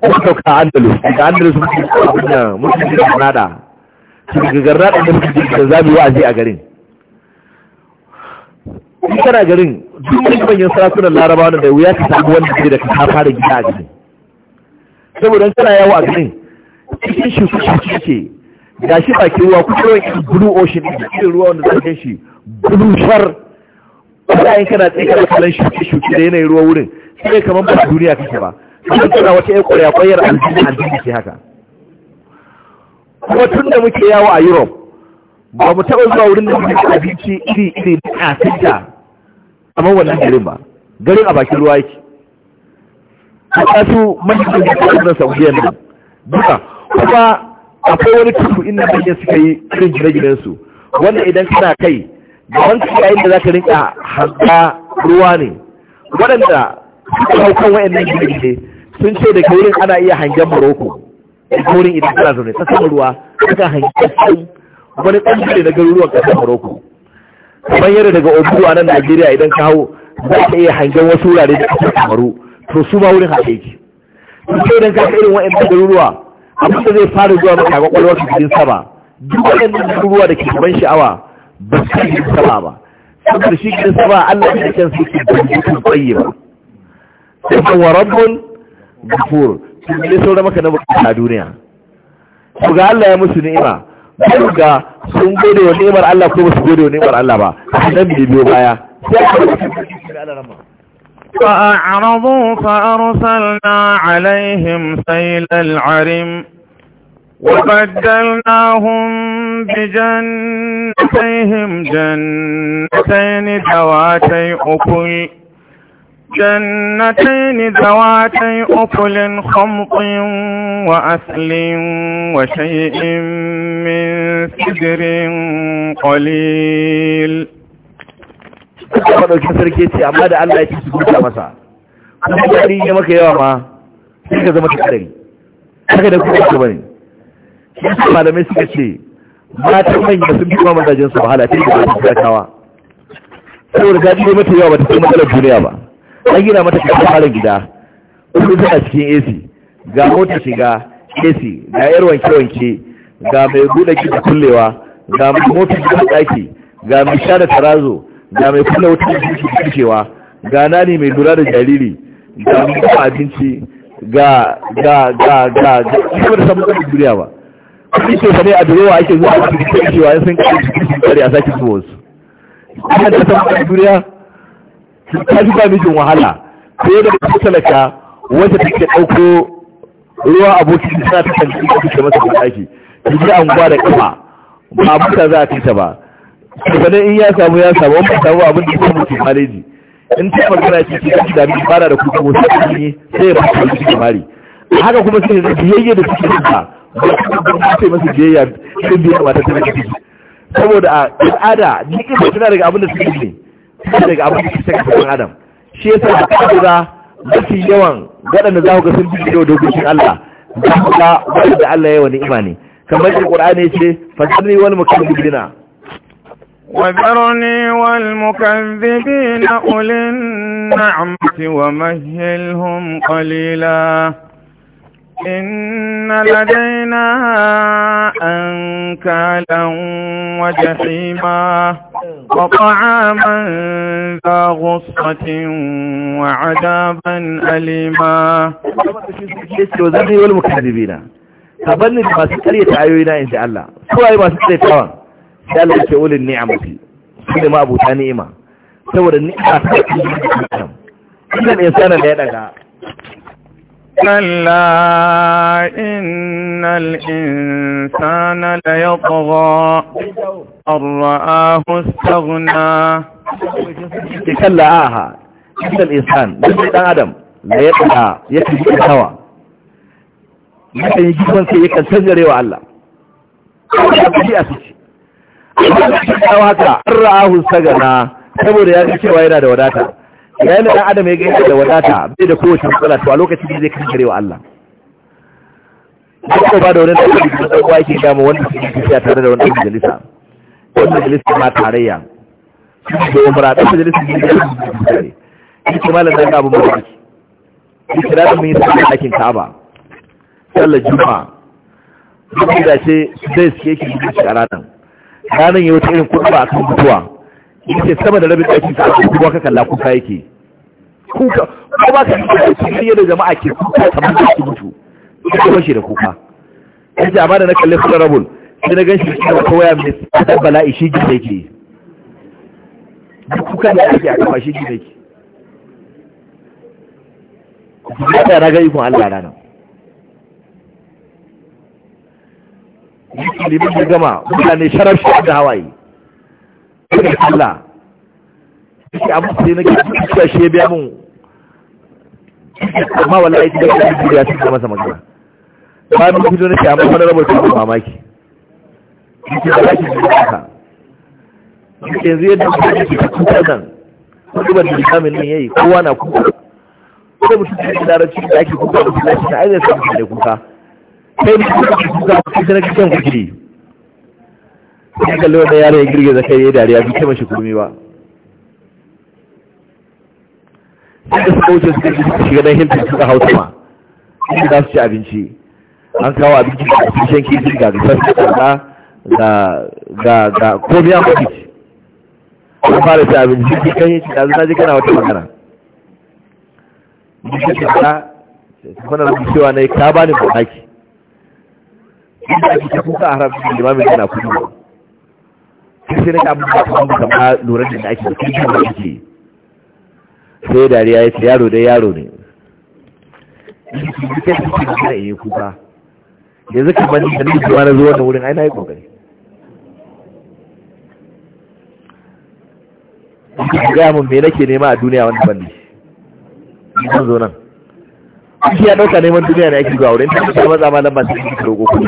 kuma ka andalus daga andalus mutum da abin da mutum da granada su daga granada da mutum da zamu yi a garin in kana garin duk manyan manyan sarakunan laraba da wuya ka samu wanda ke da ka fara gida a gani saboda kana yawo a ganin cikin shi su shi ke ga shi baki ruwa kuma yawan yin blue ocean ɗin irin ruwa wanda zai shi blue shar kuma kana tsaye kana kallon shuke-shuke da yanayin ruwa wurin sai kamar ba duniya kake ba kamar tana wata ya kwarya kwayar aljini aljini ke haka kuma tun da muke yawo a europe ba mu taɓa zuwa wurin da muke abinci iri-iri na asinta amma wannan garin ba garin a bakin ruwa yake a su manyan da ke kasar saudiya nan duka kuma akwai wani tuku inda manyan suka yi irin gine ginensu wanda idan kana kai da wanka yayin da za ka rinka hanga ruwa ne waɗanda suka hau kan wayannan gine-gine sun ce da kaurin ana iya hangen maroko da kaurin idan kana zaune ta sama ruwa suka hangen wani ɗan gine na garuruwan ƙasar maroko kamar yadda daga obu a nan najeriya idan ka hau za ka iya hangen wasu wurare da ake kamaru to su ma wurin haɗe ki ce idan ka ga irin wa'annan garuruwa abin da zai fara zuwa maka kwakwalwar ka cikin sama duk wa'annan garuruwa da ke ban sha'awa ba su cikin sama ba saboda shi cikin sama allah ya kyan su ke bangutun tsayi ba sai kan wa rabbun gafur su ne sauran maka na a duniya su ga allah ya musu ni'ima sai ga sun gode wa nemar Allah ko su gode wa nemar Allah ba nan bai biyo baya فأعرضوا فأرسلنا عليهم سيل العرم وبدلناهم بجنتيهم جنتين دواتي أكل جنتين ذواتي أكل خمط وأسل وشيء من سجر قليل madaukin sarki ce amma da Allah ya ce ci gurta masa kuma ya gari ya maka yawa ma sai ka zama kadari haka da kuma ka bane shi su malamai suka ce mata manya sun bi mazajen su wahala sai da su kawa saboda gadi ne mata yawa ba ta kai matsalar duniya ba an gina mata kasar fara gida kudu tana cikin ac ga mota shiga ac ga yar wanke-wanke ga mai buɗe gida kullewa ga mai mota gida ɗaki ga mai sha da tarazo ga mai kula wutar da shi kucewa ga nani mai lura da jariri ga mai dafa abinci ga ga ga ga ga kuma da samun kan duniya ba kuma ke sane a durowa ake zuwa a cikin cewa sun kare cikin kare a sake zuwa wasu kuma da samun kan duniya ta ji ba mijin wahala sai da ta talaka wata take ɗauko ruwa abokin tana ta kan cikin kusa masa da ɗaki ta ji anguwa da kafa ba mutu za a fita ba sabanin in ya samu ya samu wani samu abin da kuma mutum maleji in ta magana ce ce da dami fara da kuma wasu ne sai ya fata wani cikin mari haka kuma sai da biyayya da suke yin ba ba su kuma sai masu biyayya sun biyayya mata tana ciki saboda a al'ada ni ina tana daga abin da suke ne daga abin da ke saka ɗan adam shi yasa da kaga mafi yawan waɗanda za ku ga sun bidiyo dokokin Allah za ku ga waɗanda Allah ya wani imani kamar shi ya ce fasarni wal mukazzibina وذرني والمكذبين أولي النعمة ومهلهم قليلاً إِنَّ لَدَيْنَا أَنْكَالًا وَجَحِيمًا وَطَعَامًا ذَا غُصَّةٍ وعذابا أَلِيمًا فبني والمكذبين تبني ما سكرية عيونا إن شاء الله سواء ما سكرية طوان شاء الله شؤول النعمة سنة ما أبو تاني إما سوى النعمة إن الإنسان لا يدعى كلا إن الإنسان ليطغى أن رآه استغنى كلا إن الإنسان بسيطان آدم ليطغى يكفي الهوى yakan yi gifon sai yakan tangare wa Allah shi a suci amma da shi kawo haka an ra'ahu sagana saboda ya ga cewa yana da wadata yayin da adam ya gaisa da wadata bai da kowace matsala to a lokacin da zai kankare wa Allah ko ba da wani da kuma dan uwa yake damu wanda suke tafiya tare da wannan majalisa wannan majalisa ma tarayya shi da umra da majalisa ne da tare shi malam da abu mai shi kira da mun yi sallar cikin Kaaba sallar Juma'a duk da ce sai suke yake shi a ranar ranar yau ta irin kurba kan mutuwa yake sama da rabin ɗakin ka kuma ka kalla kuka yake kuka ko ba ka kuka yadda jama'a ke kuka kamar da su mutu sai ka fashe da kuka yace amma da na kalli su rabul sai na ganshi shi da kowa mai tsada bala'i shi gida yake duk kuka da ake a kafa shi gida yake ya ta raga ikon Allah ranar yake limin ya gama mutane sharaf shi da hawaye kai Allah shi abu sai nake cewa shi ya biya mun amma wallahi da kake ya shi kuma masa magana ba mu fito nake amma wani rabar ta mamaki shi da shi ka haka yanzu yadda mutum ta kuka nan kuma da kamin nan yayi kowa na kuka ko mutum da larabci da ake kuka da shi na aizai sa mutum da kuka sai ne kuka kuka kuka na kuka ya kalli wannan yaron ya girgiza kai ya dariya bi kai mashi kurmi ba sai da suka wuce su shiga dan hilton suka hau sama sai za su ci abinci an kawo abinci da su tushen kifi ga gasar da ga ga ga komiya mafi an fara ci abinci ki kan yi cikin na ji kana wata magana mutum ke ta kuna rubucewa na yi ka bani mamaki inda ake ta kuka a harafin limamin yana kudu sai na kamun da kuma buka ma lura da da ake da kuma jin ake sai dariya ya ce yaro dai yaro ne sai su ce da yi kuka yanzu kamar da nan kuma na zuwa da wurin ai na yi kokari ka gaya mun me nake nema a duniya wanda ban da shi zan zo nan shi ya dauka neman duniya ne ake zuwa wurin ta kuma matsa ma lambar sai ki roƙo kuɗi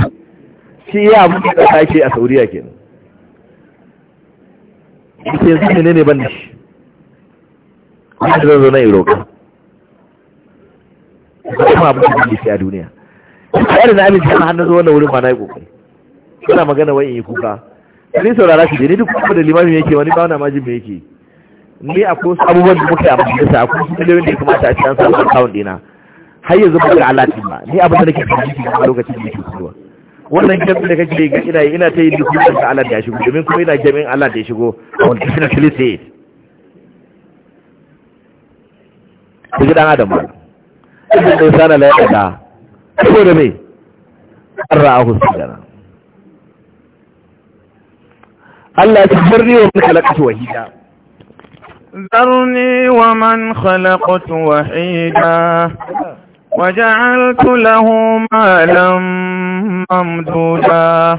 shi ya abin da ta ce a Saudiya kenan ita yanzu ne ne ban da shi wanda zan zo na iroka ba kuma abin da ke a duniya tsari na amince na hannun zuwa na wurin ma na yi kokari suna magana wani in yi kuka ni saurara shi ne duk kuma da limamin yake wani ba na majin me yake ni akwai abubuwan da muka yi amfani da akwai wasu miliyoyin da ya kamata a cikin samun kawun dina har yanzu ba da alatin ba ni abin da nake fahimci a lokacin da yake kusurwa wannan kyan da kake ga ina ina ta yi duk da Allah da ya shigo domin kuma ina jami'in Allah da ya shigo a wani kafin filistin ku ji dan adam ba ibn insana la yada ko da me ra'ahu sidana Allah ya tsarri wa man khalaqatu wahida ذرني ومن خلقت وحيدا وجعلت له مالا ممدودا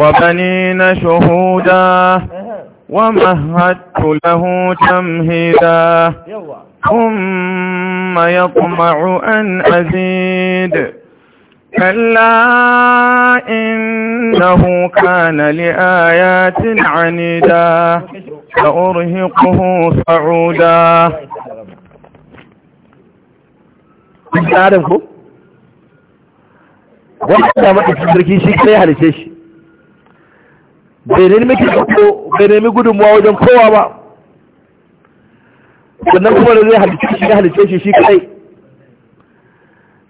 وبنين شهودا ومهدت له تمهيدا ثم يطمع أن أزيد كلا إنه كان لآيات عنيدا سأرهقه صعودا تعرفوا wanda maɗaukin sarki shi kai halice shi bai nemi kirkako gudunmuwa wajen kowa ba sannan kuma da zai halice shi ya halice shi shi kai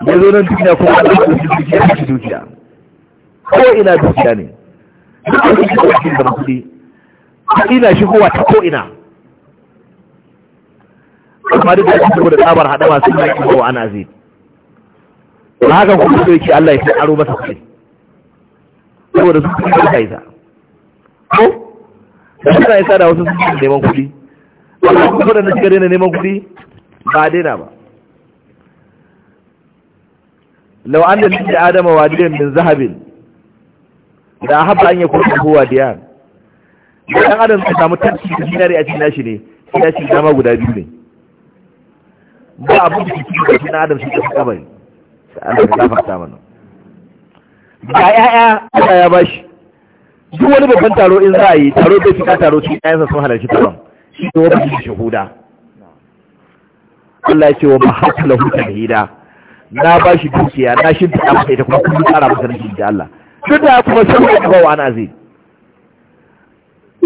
ya zo nan duniya kuma a ɗaukin sarki ya halice dukiya ko ina dukiya ne duk da shi kuma shi zama ina shi kowa ta ko ina amma duk da shi kuma da tsabar haɗama masu yi kowa ana zai to haka kuma so yake Allah ya aro masa kuɗi saboda su kuɗi suka isa ko da suka isa da wasu suke neman kuɗi wanda kuma da suka daina neman kuɗi ba a daina ba lau an da nake adama wadiyan min zahabin da haɓa an yi kuma kowa diyan da ɗan adam ta samu tarki da zinari a cikin nashi ne sai ya ce dama guda biyu ne ba abin da ke cikin na adam shi ta fi kabari Allah ya gafarta mana ga ƴaƴa Allah ya bashi duk wani babban taro in za a yi taro bai fita taro cikin ƴaƴansa sun halarci taron shi ne wani da shahuda Allah ya ce wa mahatta lahu hida. na bashi dukiya na shi da masa ita kuma kullum tsara masa rashin da Allah duk da kuma san da ba wa ana zai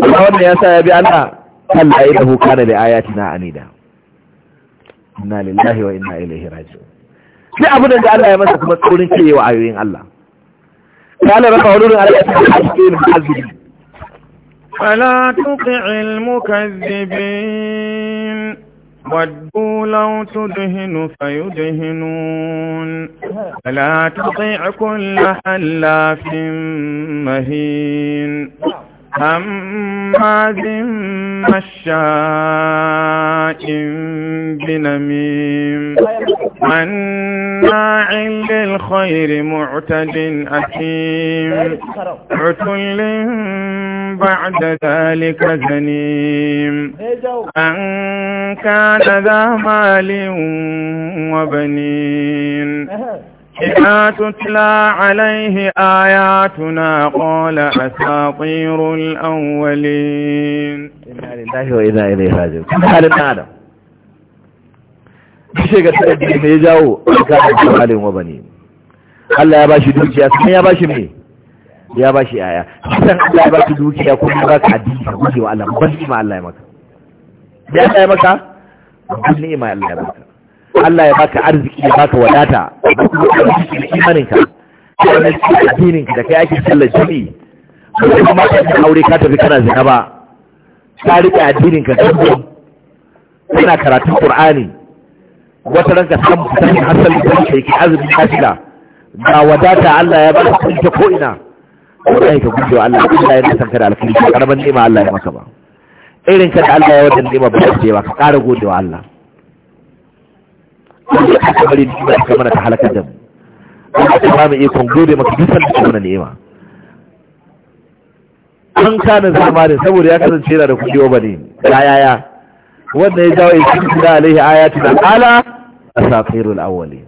Allah wannan ya sa ya bi Allah Allah ya dahu kana da na anida inna lillahi wa inna ilaihi raji'un sai abu da Allah ya masa kuma tsorin ce yi wa ayoyin Allah. Kala raka wa rurin Allah ya fi ta ake yin azubi. Fala tuƙi ilmu kazzibin. Waddu lau tudhinu fayudhinun. Fala tuƙi a kulla hallafin mahin. Hammazin mashayin بنميم مناع للخير معتد أثيم عتل بعد ذلك زنيم أن كان ذا مال وبنين إذا تتلى عليه آياتنا قال أساطير الأولين إنا لله وإنا إليه راجعون كم حال آدم bishe ga sanadi ya jawo kayan jamalin wa bane Allah ya bashi dukiya sun ya bashi me ya bashi yaya san Allah ya bashi dukiya kuma ba ka addini ka guje wa Allah ban ma Allah ya maka ya Allah ya maka ban ma Allah ya maka Allah ya baka arziki ya baka wadata imanin ka wannan addinin ka da kai ake sallar jami'i kuma ka aure ka tafi kana zina ba ka rike addinin ka kana karatun Qur'ani wata ranka samu ta ne hasali da ke yake azumin kafila ga wadata Allah ya ba ta ta ko ina wallahi ka guje wa Allah Allah ya san ka da alkhairi ka karban ni'ima Allah ya maka ba irin ka da Allah ya wadanda ni'ima ba ta ba ka ƙara gode wa Allah Allah ka bari ni'ima ka mana ta halaka da mu Allah ka ba mu ikon gode maka duk sanda ka mana ni'ima an kana zamanin saboda ya kasance yana da kuɗi wa bane ya ya ya wanda ya jawo ikitu da alaihi ayati da ala safirul awali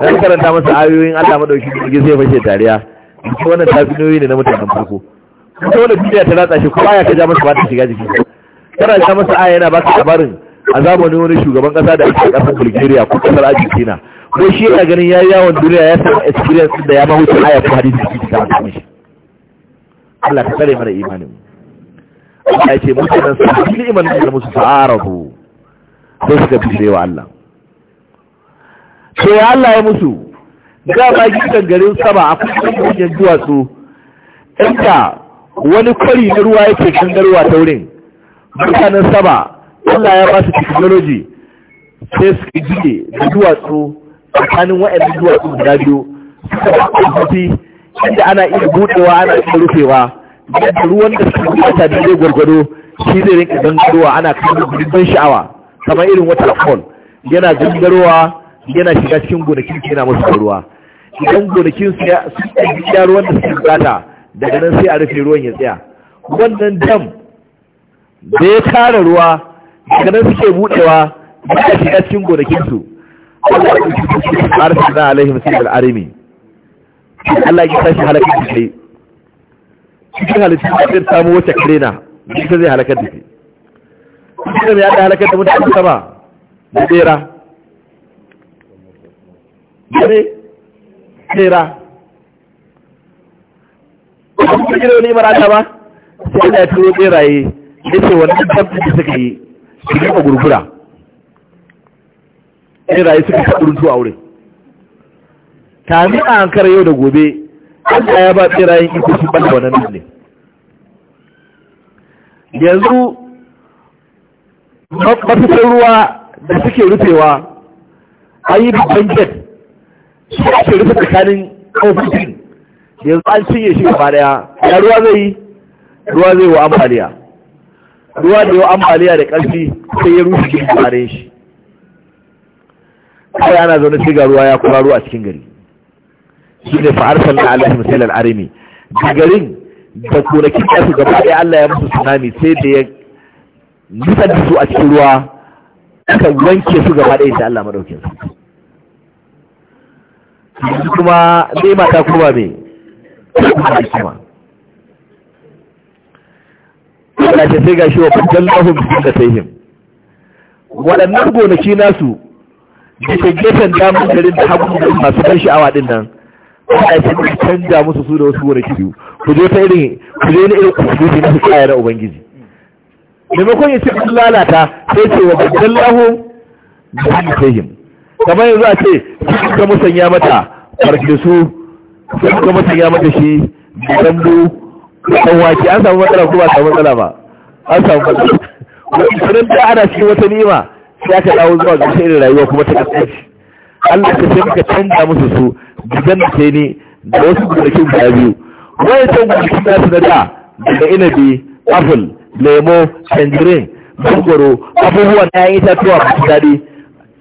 dan karanta masa ayoyin Allah madauki jirgi sai fashe dariya ita wannan tafiyoyi ne na mutanen farko ita wannan duniya ta latsa shi kuma ya ka ja masa ba ta shiga jiki karanta masa aya yana ba ka labarin a zamanin wani shugaban ƙasa da ake ƙasar Bulgaria ko ƙasar Argentina ko shi yana ganin yi yawon duniya ya samu experience da ya mahuce aya ko hadisi da ta mishi Allah ka tsare mana imanin mu Allah ya ce mutanen su ni'imar da musu fa'arafu sai suka fice wa Allah Sai ya Allah ya musu ga ba gidan garin sama a kusa manyan duwatsu inda wani kwari na ruwa yake kangarwa ta wurin mutanen sama Allah ya ba su technology sai suka gide da duwatsu tsakanin waɗannan duwatsu guda biyu suka ba su inda ana iya buɗewa ana iya rufewa da ruwan da suka bata da zai gwargwado shi zai rinka gangarowa ana kallon gudun sha'awa kamar irin wata fall yana gangarowa yana shiga cikin gonakin yana musu ruwa idan gonakin su ya ruwan da suka bata daga nan sai a rufe ruwan ya tsaya wannan dam da ya tara ruwa daga nan suke budewa ya shiga cikin gonakin su Allah ya kusa arsa na alaihim sallallahu alaihi wasallam Allah ya tashi halaka shi cikin halittu ba zai samu wacce kare na ita zai halakar da shi ita mai yada halakar da mutane sama da tsera gare tsera kuma cikin gina wani marata ba sai ana turo tseraye ya ce wannan tabbin da suka yi su gaba gurgura tseraye suka taɓa runtu a Ta tami a hankar yau da gobe Allah ya ba tsirayen iko shi balla wannan dole yanzu mafitar ruwa da suke rufewa an yi babban jet shi ake rufe tsakanin kofofin yanzu an cinye shi gaba daya ya ruwa zai ruwa zai wa ambaliya ruwa da yi wa ambaliya da ƙarfi sai ya rufe shi tsarin shi kai ana zaune shiga ruwa ya kwararo a cikin gari shi ne fa'arfan na Allah misalar arimi garin da korakin su gaba ɗaya Allah ya musu tsunami sai da ya nisan da su a cikin ruwa aka wanke su gaba ɗaya da Allah madaukin su yanzu kuma zai mata kuma me kuma Allah ce sai gashi wa fajjan lahum da him. waɗannan gonaki nasu da ke gefen damar garin da hagu masu ban sha'awa ɗin nan Allah ya canja musu su da wasu wurin biyu ku je ta irin ku je irin kusurci na hikaya na ubangiji maimakon ya ce an lalata sai ce wa babban lahu da ce fahim kamar yanzu a ce sun ka musanya mata farfesu sun ka musanya mata shi da dambu ɗan waki an samu matsala ko ba samu matsala ba an samu matsala wani sanar da ana cikin wata nima sai aka dawo zuwa ga irin rayuwa kuma ta kasance Allah ya sai muka canza musu su gidan da ne da wasu gonakin guda biyu Wani wayancan gonakin nasu na da daga inabi apple lemo tangerine mangoro abubuwan na yayin itatuwa masu daɗi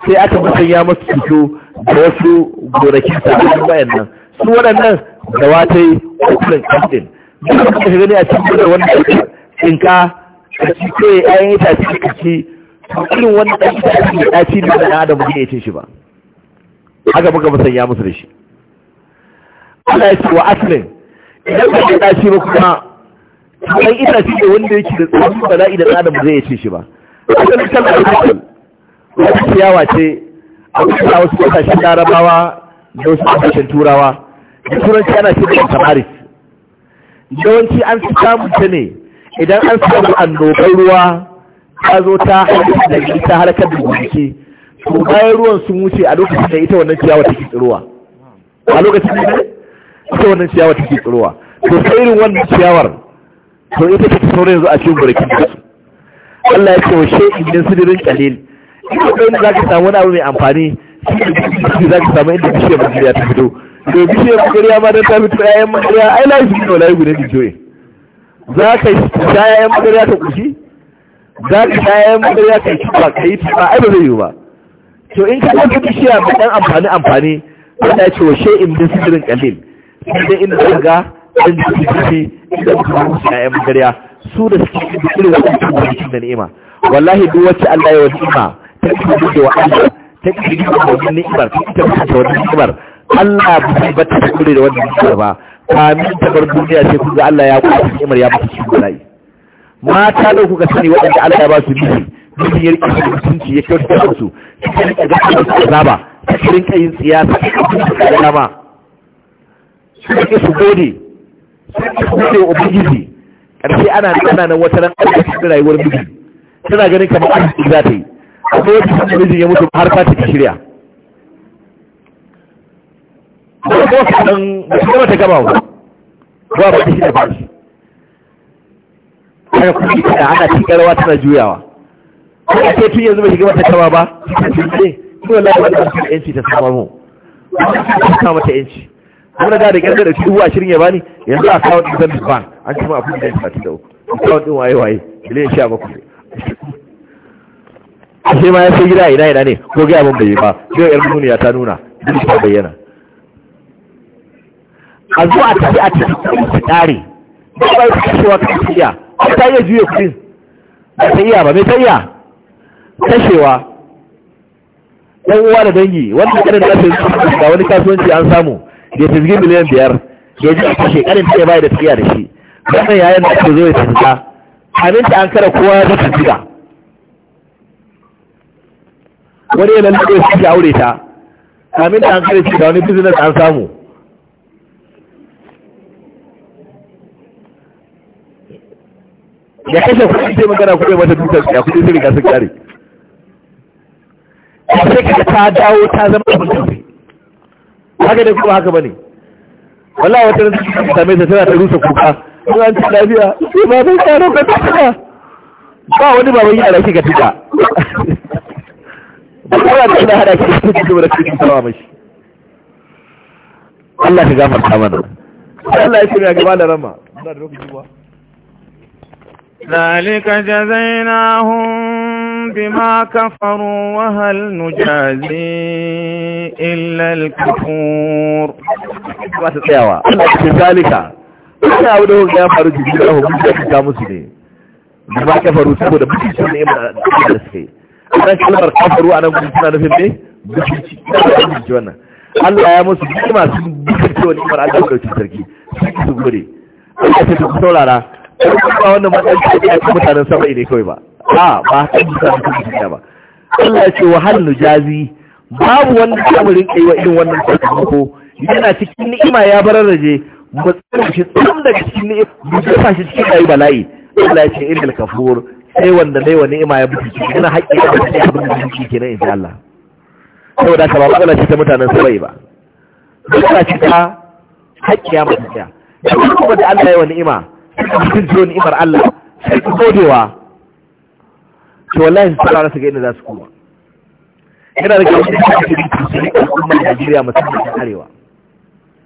sai aka musanya masu cuto da wasu gonakin sabbin nan su waɗannan da yi kukulan kastin duk da kuka gani a cikin da wannan tsinka ka ci ko yayin itace ka ci irin wannan ɗan itace da ɗaci ne da na Adamu ne ya ce shi ba haka muka ya musu da shi Allah ya ce wa aslin idan ka ka shi ba kuma ina ita da wanda yake da tsarin bala'i da tsarin ba zai ce shi ba asalin kalmar asal wata ciyawa ce a kusa wasu kasashen larabawa da wasu kasashen turawa da turanci ana ce da kamaris yawanci an fi samun ta ne idan an samu annobar ruwa ta zo ta halakar da ta halakar da gonaki to bayan ruwan sun wuce a lokacin da ita wannan ciyawa take tsirowa a lokacin da ita wannan ciyawa take tsirowa to sai irin wannan ciyawar to ita take tsoro yanzu a cikin burakin da su Allah ya ce wa shi idan dirin kalil ina kai ne zaka samu wani abu mai amfani shi zaka samu inda bishiyar magariya ta fito to bishiyar magariya ma dan ta fito ƴaƴan magariya ai la shi ne wala guda bijoye za ka sha ƴaƴan magariya ta ƙushi? za ka sha ƴaƴan magariya ta ka kai ba ai ba zai yi ba to in ka ɗauki shiya ba ɗan amfani amfani ya ce wa shay'in bin sirrin kalil sai dai inda za ga ɗan jiki jiki inda ba ka musu ƴaƴan magarya su da suke da irin waɗannan gonakin da ni'ima wallahi duk wacce Allah ya wa ni'ima ta ƙi da wa Allah ta ƙi da wa ni'imar ta ƙi da wa ni'imar Allah zai bata ta kure da wannan ni'imar ba kamin ta bar duniya sai kun ga Allah ya kwace ni'imar ya bata da bala'i mata da kuka sani waɗanda Allah ya ba su miji mijin ya rike su mutunci ya kyautata da su suka rike ga su zaba suka rike yin siyasa suka rike da dama suka rike su gode suka gode wa ubangiji ƙarshe ana ana nan wata ran Allah cikin rayuwar miji tana ganin kamar su za ta yi akwai wata sun mijin ya mutu har ta ta shirya ko ko sanan ba ta gaba ba ba ta da ba kada kuɗi kada ana cikin rawa tana juyawa ko a ce tun yanzu ba shiga wata kama ba ta tunce ni wallahi ta cikin yanci ta sama mu ta sama mata yanci mun ga da gargada shi dubu ashirin ya bani yanzu a kawo ɗin zambi ba, an ci a kuɗi da yanci fatin da uku kawo ɗin waye waye ile sha bakwai Sai ma ya sai gida ina ina ne ko gaya mun bai ba yau yar ya ta nuna duk ta bayyana a zuwa tafi a tafi tsari ba ba su kashewa kan tafiya ba ta iya juya kudin ba ta iya ba mai ta iya kashewa ɗan uwa da dangi wannan karin da ake ga wani kasuwanci an samu da ya fizgi miliyan biyar ya ji a kashe karin ta bayar da tsiya da shi wannan yayin da ake zo ya tafiya. aminta an kara kowa ya zata fizga wani ya lalata ya ke aure ta aminta an kara shi da wani business an samu ya kashe kuɗi sai magana kuɗi mata dutar ya kuɗi sai riga sun kare ya sai ka ta dawo ta zama abin tafi haka da kuma haka bane wallahi wata nan take same ta tana ta rusa kuka in an ci lafiya sai ba bai tsaro ka tsaka ba wani baban yara kika tuka ba ta da hada ki da kuma da kike tawa mashi Allah ka gafarta mana Allah ya shirya gaba da rama muna da lokaci ba ذلك جزيناهم بما كفروا وهل نجازي إلا الكفور ذلك ina ya faru jiki da ta musu ne da ba ka faru saboda bukici ne ba da suke ana kalmar kafaru sarki su gode su saurara ba wannan matsayin da ya fi mutanen saba'i ne kawai ba a ba ta mutanen saba'i ba Allah ya ce wa hannu jazi babu wanda kamurin kai wa irin wannan sakamako yana cikin ni'ima ya bararraje mu tsara shi tsan daga cikin ni'ima mu jefa shi cikin ayi bala'i Allah ya ce irin kafur sai wanda dai wa ni'ima ya buci yana haƙƙi da wani abin da yake kenan insha Allah saboda ka ba matsala ce ta mutanen saba'i ba matsala ce ta haƙƙiya mutum ya kuma da Allah ya wa ni'ima suka mutum ciwo imar Allah sai ku godewa to wallahi su fara su ga inda za su koma yana da kyau da kafin al'umma al'ummar Najeriya musamman ta arewa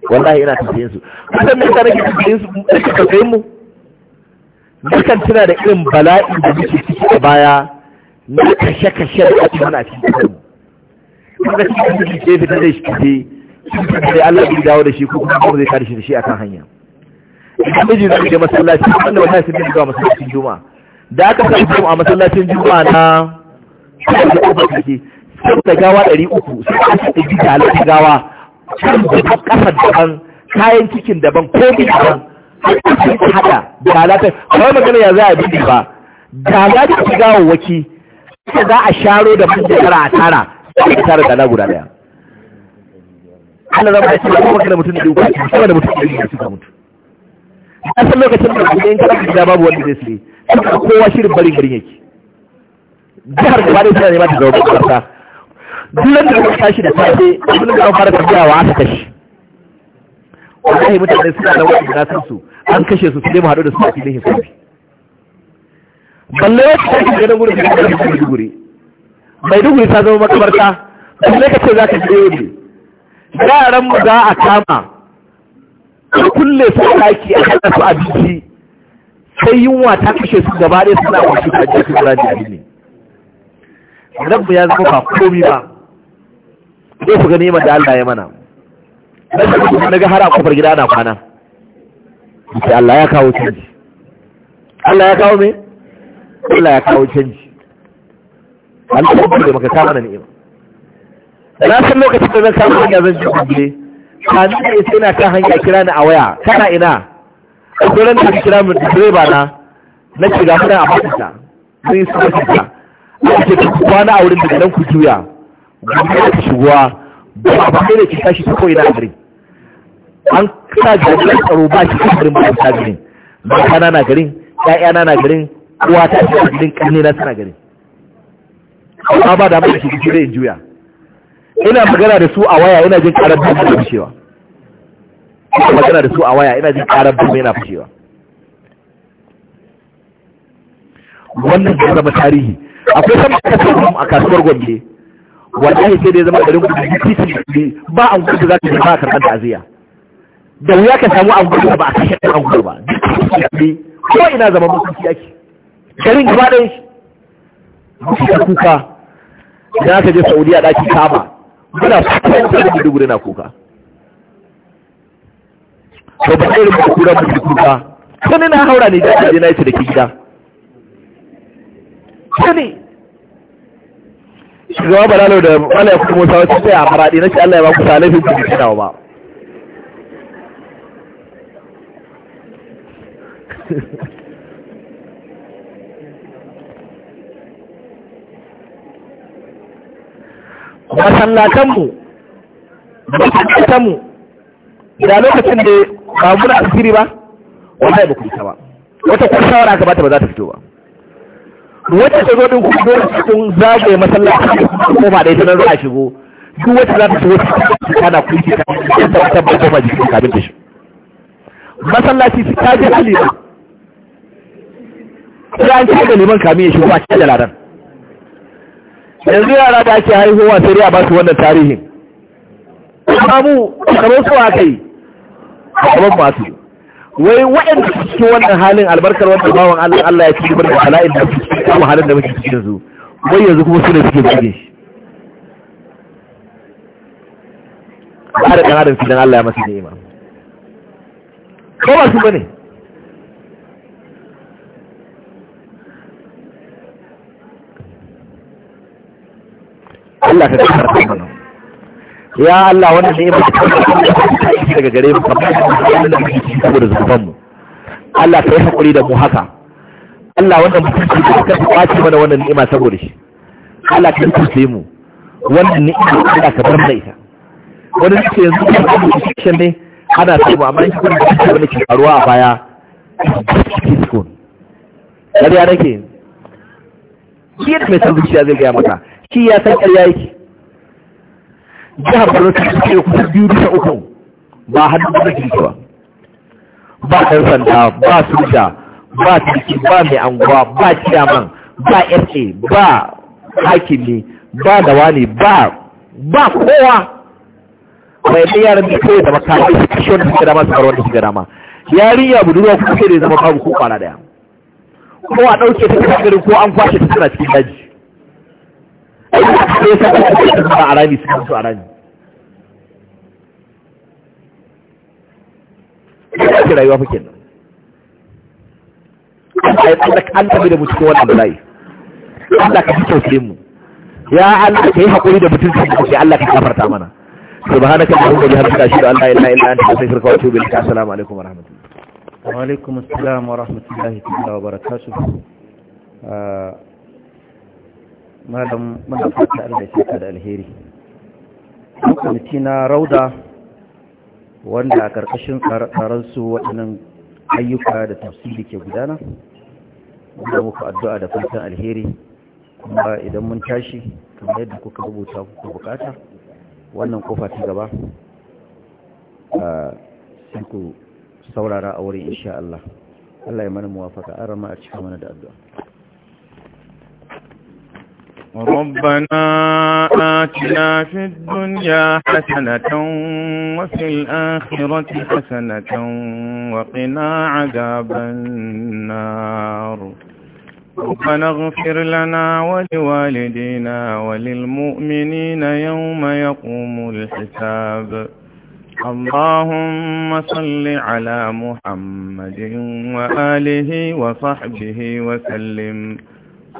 wallahi ina tausayin su kusan me yasa nake tausayin su nake kai mu nakan tuna da irin bala'i da muke ciki a baya na kashe kashe da ake mana cikin kuma kaga cikin da ke fitar da shi ke cikin da Allah bai dawo da shi ko kuma zai kare shi da shi akan hanya idan miji zai je masallaci wanda wallahi sai dai zuwa masallacin juma'a da aka san juma'a a masallacin juma'a na sai da uba take sai da gawa 300 sai da ɗigi da gawa can da kasa daban kayan cikin daban komai daban sai da hada da halata kawai magana ya za a bi ba da za ta ci gawa waki sai za a sharo da mun tara a tara sai da tara da na guda daya Allah zama ya ce ba kuma kana mutum da duka sama da mutum da duka suka mutu a san lokacin da kuma in kana gida babu wanda zai sai saboda kowa shirin barin garin yake jihar gaba dai tana nema ta zama ƙasa. duk da kuma tashi da safe kullum da an fara tafiya wa aka kashe wallahi mutane suna da wani da su an kashe su su mu haɗu da su a filin hisabi balle wata take gidan gurin da kuma Maiduguri Maiduguri ta zama makabarta balle kace zaka je yobe yaran mu za a kama kulle su a ɗaki a hana su abinci sai yunwa ta kashe su gaba ɗaya suna wasu a jikin su zura ne rabbu ya zama ba komi ba zai su gani da Allah ya mana na ga har a kofar gida na kwana sai Allah ya kawo canji Allah ya kawo me Allah ya kawo canji Allah ya kawo da maka kama na ni'ima na san lokacin da zan samu hanya zan ji kulle kami da ita ina kan hanya kira ni a waya kana ina a kuren da kira min direba na na ce ga muna a fasita mun yi sama ta a ce ku kwana a wurin da nan ku juya gobe da ku shigowa ba ba kai da kika tashi ta koyi na a garin an kira jami'an tsaro ba shi kan garin ba ta garin na na garin ƴaƴana na na garin uwa ta ce a garin ƙarni na tana garin amma ba da mai shi gishire juya ina magana da su a waya ina jin karar bumi yana fushewa ina magana da su a waya ina jin karar bumi yana fushewa wannan ya zama tarihi akwai sama a kasuwar gombe wallahi sai dai zama garin gudu da titin ne ba an gudu za ka ji ba a karɓar ta'aziyya da wuya ka samu an gudu ba a kashe ɗan an gudu ba ko ina zama mutunci yake garin gaba ɗaya shi kuka da aka je saudiya ɗaki kama muna fatan da Maiduguri na kuka to ba irin kura mu kuka na haura ne da na yi gida da malaya musa wasu a maraɗi na shi Allah ya ba ku salafin ba masallatanmu mu da lokacin da ba muna asiri ba wata ba ku ba wata kuma shawara ka bata ba za ta fito ba wata ta zo din kuma dole kun zagaye masallaci ko ba dai nan a shigo duk wata za ta shigo ta na ku ki ta ta wata ba goma jikin kabin da shi masallaci su kaji je aliman sai an ce da neman kamin ya shigo a cikin ladan yanzu yara da ake haihuwa sai dai a ba su wannan tarihin amma mu kamar su a kai kamar masu wai waɗanda su cikin wannan halin albarkar wannan bawan Allah ya ci gaba da bala'in da su kuma halin da muke cikin su wai yanzu kuma su ne suke buge shi a da kanarin fidan Allah ya masu ne ima ba su bane Allah ka ta mana ya Allah wannan ne ba ta daga gare mu kamar da muke cikin saboda zuban mu Allah ka yi hakuri da mu haka Allah wannan mutunci da ka kwace mana wannan ni'ima saboda shi Allah ka tuce mu wannan ni'ima Allah ka bar da ita wani suke yanzu da kuma shi ne ana samu amma shi kuma da wani ke faruwa a baya kiskon kariya nake yanzu yadda mai san zuciya zai gaya mata shi ya san ƙarya yake jihar Borno ta ce kusa biyu bisa uku ba ba na ke ba ba ɗan sanda ba soja ba turki ba mai anguwa ba ciyaman ba yarce ba hakimi ba dawa ne ba ba kowa mai da yaran da kawai da makamai su kashe wanda suka dama su bar wanda suka dama budu budurwa kuma sai da zama babu ko kwana daya ko a ɗauke ta cikin garin ko an kwashe ta tana cikin daji sai ta kasance ba a rami suka mutu a da ka ya Allah ka yi hakuri da da mana subhanaka allahumma bihamdika ashhadu an la ilaha illa anta astaghfiruka wa atubu ilaik assalamu alaikum wa rahmatullahi wa alaikum assalam wa rahmatullahi wa malam muna fata da da alheri kwamiti na rauda wanda a ƙarƙashin su waɗannan ayyuka da tafsiri ke gudana wanda muku addu'a da fatan alheri kuma idan mun tashi kamar yadda kuka rubuta kuka bukata wannan kofa ta gaba a ku saurara a wurin insha Allah Allah ya mana muwafaka an rama a cikin mana da addu'a ربنا آتنا في الدنيا حسنة وفي الآخرة حسنة وقنا عذاب النار ربنا اغفر لنا ولوالدينا وللمؤمنين يوم يقوم الحساب اللهم صل على محمد وآله وصحبه وسلم